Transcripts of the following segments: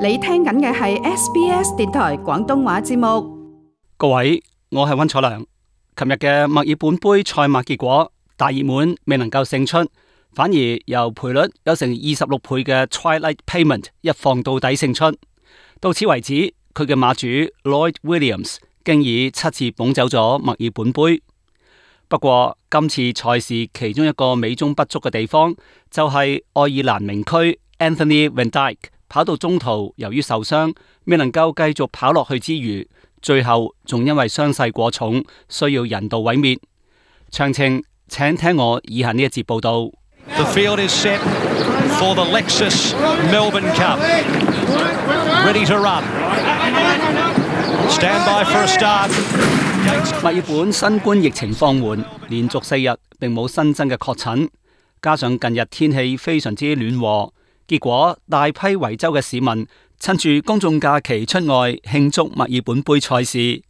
你聽緊嘅係 SBS 電台廣東話節目。各位，我係溫楚良。琴日嘅墨爾本杯賽馬結果，大熱門未能夠勝出，反而由賠率有成二十六倍嘅 Twilight Payment 一放到底勝出。到此為止，佢嘅馬主 Lloyd Williams 經已七次捧走咗墨爾本杯。不過今次賽事其中一個美中不足嘅地方，就係、是、愛爾蘭名駒 Anthony Van Dyke。跑到中途，由於受傷未能夠繼續跑落去之餘，最後仲因為傷勢過重，需要人道毀滅。詳情請聽我以下呢一節報道。The field is set for the Lexus Melbourne Cup. Ready to run. Stand by for a start. 墨爾本新冠疫情放緩，連續四日並冇新增嘅確診，加上近日天氣非常之暖和。結果大批維州嘅市民趁住公眾假期出外慶祝墨爾本盃賽事，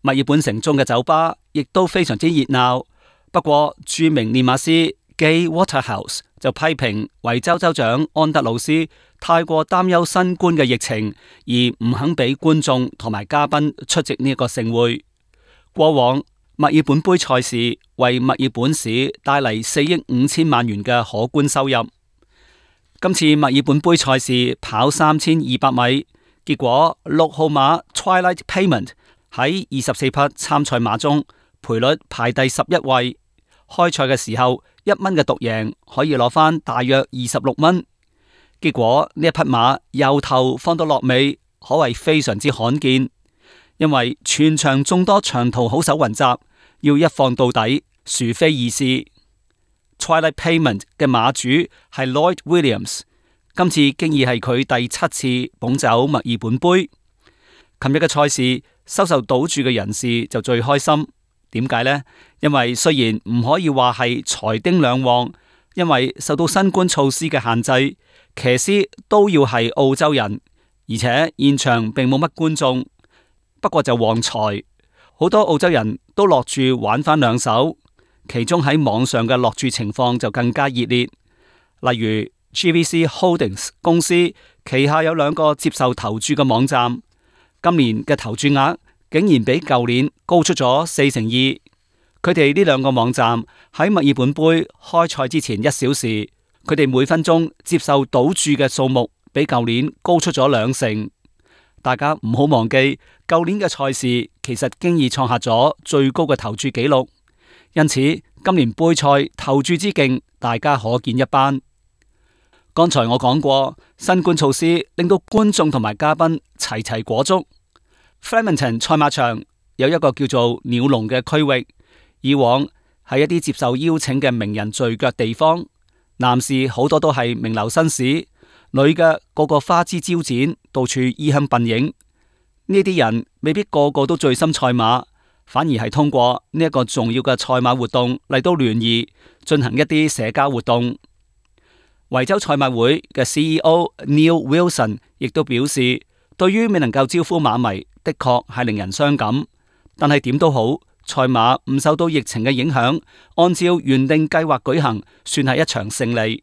墨爾本城中嘅酒吧亦都非常之熱鬧。不過，著名練馬師 Gay Waterhouse 就批評維州州長安德魯斯太過擔憂新冠嘅疫情，而唔肯俾觀眾同埋嘉賓出席呢一個盛會。過往墨爾本盃賽事為墨爾本市帶嚟四億五千萬元嘅可觀收入。今次墨爾本盃賽事跑三千二百米，結果六號馬 Twilight Payment 喺二十四匹參賽馬中賠率排第十一位。開賽嘅時候一蚊嘅獨贏可以攞返大約二十六蚊。結果呢一匹馬由頭放到落尾，可謂非常之罕見，因為全場眾多長途好手雲集，要一放到底，殊非易事。Twilight Payment 嘅馬主係 Lloyd Williams，今次經已係佢第七次捧走墨爾本杯。琴日嘅賽事收受賭注嘅人士就最開心，點解呢？因為雖然唔可以話係財丁兩旺，因為受到新冠措施嘅限制，騎師都要係澳洲人，而且現場並冇乜觀眾。不過就旺財，好多澳洲人都落住玩翻兩手。其中喺網上嘅落注情況就更加熱烈，例如 GVC Holdings 公司旗下有兩個接受投注嘅網站，今年嘅投注額竟然比舊年高出咗四成二。佢哋呢兩個網站喺墨爾本杯開賽之前一小時，佢哋每分鐘接受賭注嘅數目比舊年高出咗兩成。大家唔好忘記，舊年嘅賽事其實經已創下咗最高嘅投注紀錄。因此，今年杯賽投注之勁，大家可見一斑。剛才我講過，新冠措施令到觀眾同埋嘉賓齊齊裹足。Flemington 賽馬場有一個叫做鳥籠嘅區域，以往係一啲接受邀請嘅名人聚腳地方。男士好多都係名流紳士，女嘅個個花枝招展，到處衣香鬢影。呢啲人未必個個都醉心賽馬。反而係通過呢一個重要嘅賽馬活動嚟到聯誼進行一啲社交活動。維州賽馬會嘅 C E O Neil Wilson 亦都表示，對於未能夠招呼馬迷，的確係令人傷感。但係點都好，賽馬唔受到疫情嘅影響，按照原定計劃舉行，算係一場勝利。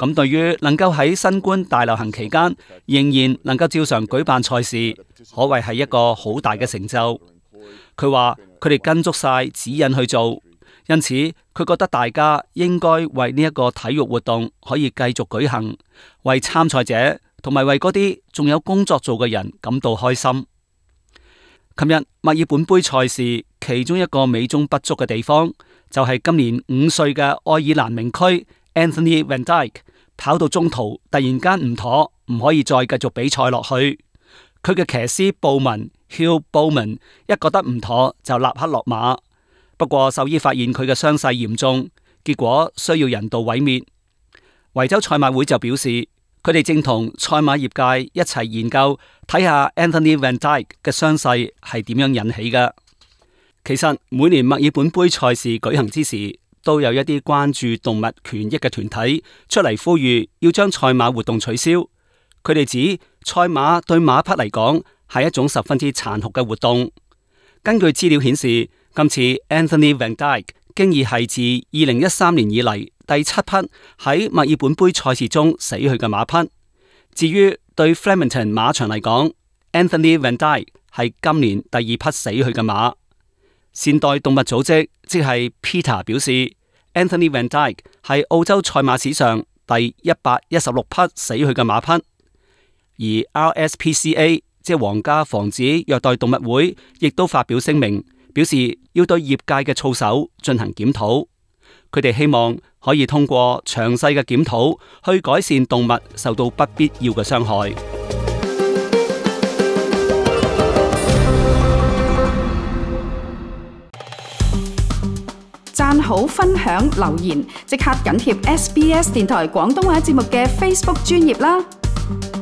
咁對於能夠喺新冠大流行期間仍然能夠照常舉辦賽事，可謂係一個好大嘅成就。佢話佢哋跟足晒指引去做，因此佢覺得大家應該為呢一個體育活動可以繼續舉行，為參賽者同埋為嗰啲仲有工作做嘅人感到開心。琴日墨爾本杯賽事其中一個美中不足嘅地方，就係今年五歲嘅愛爾蘭名駒 Anthony Van Dyke。跑到中途突然間唔妥，唔可以再繼續比賽落去。佢嘅騎師布文 （Hill 布文，man, 一覺得唔妥就立刻落馬。不過獸醫發現佢嘅傷勢嚴重，結果需要人道毀滅。維州賽馬會就表示，佢哋正同賽馬業界一齊研究，睇下 Anthony Van Dyke 嘅傷勢係點樣引起嘅。其實每年墨爾本杯賽事舉行之時，都有一啲關注動物權益嘅團體出嚟呼籲，要將賽馬活動取消。佢哋指賽馬對馬匹嚟講係一種十分之殘酷嘅活動。根據資料顯示，今次 Anthony Van Dyke 經已係自二零一三年以嚟第七匹喺墨爾本杯賽事中死去嘅馬匹。至於對 Flemington 馬場嚟講，Anthony Van Dyke 係今年第二匹死去嘅馬。善待動物組織即係 PETA 表示，Anthony Van Dyke 係澳洲賽馬史上第一百一十六匹死去嘅馬匹，而 RSPCA 即係皇家防止虐待動物會亦都發表聲明，表示要對業界嘅操守進行檢討。佢哋希望可以通過詳細嘅檢討，去改善動物受到不必要嘅傷害。讚好分享留言，即刻緊貼 SBS 電台廣東話節目嘅 Facebook 專頁啦！